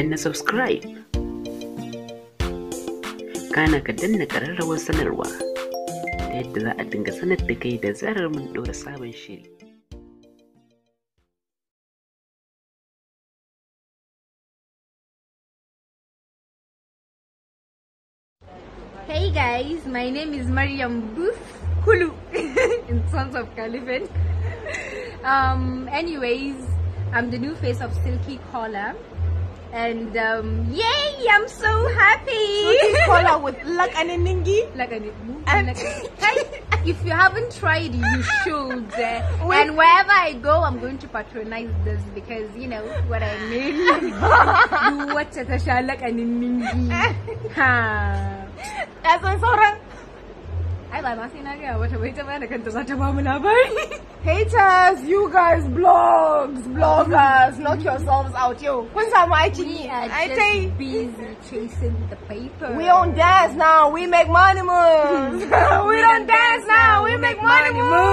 danna subscribe kana ka danna sanarwa ta yadda za a dinga sanar da kai da zarar mun sabon shiri Hey guys, my name is Mariam Booth Hulu in Sons of Caliphate. um, anyways, I'm the new face of Silky Collar and um, yay! I'm so happy. Looking color with luck and ningi. If you haven't tried, you should. Uh, and wherever I go, I'm going to patronize this because you know what I mean. you watch a tasha luck and ningi. Ha. That's my sorang. Ai ba ma sai na gaya wata bai ta bayar da kanta za ta ba mu Haters, you guys blogs. blogs bloggers, knock yourselves out. Yo, when some I just busy chasing the paper. We don't dance now, we make money moves. we don't dance now, we make money moves.